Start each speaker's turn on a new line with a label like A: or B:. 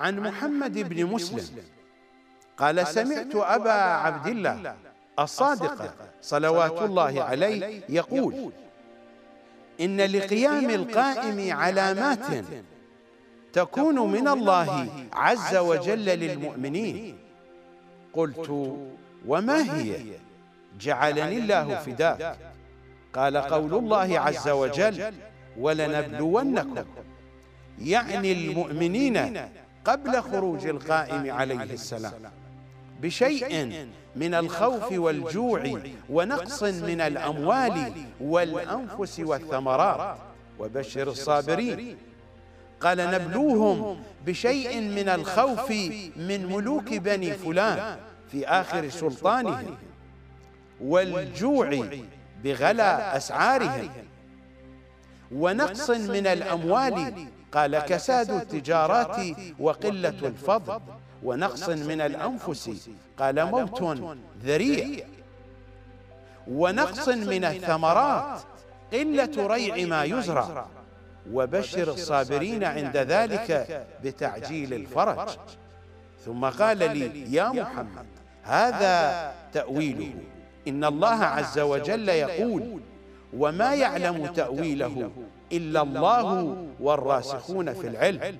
A: عن محمد بن مسلم قال سمعت أبا عبد الله الصادق صلوات الله عليه يقول إن لقيام القائم علامات تكون من الله عز وجل للمؤمنين قلت وما هي جعلني الله فداك قال قول الله عز وجل ولنبلونكم يعني, يعني المؤمنين قبل خروج القائم عليه السلام بشيء من الخوف والجوع ونقص من الأموال والأنفس والثمرات وبشر الصابرين قال نبلوهم بشيء من الخوف من ملوك بني فلان في آخر سلطانهم والجوع بغلا أسعارهم ونقص من الأموال قال كساد التجارات وقلة الفضل ونقص من الأنفس قال موت ذريع ونقص من الثمرات قلة ريع ما يزرع وبشر الصابرين عند ذلك بتعجيل الفرج ثم قال لي يا محمد هذا تأويله إن الله عز وجل يقول وما يعلم تأويله إلا الله والراسخون في العلم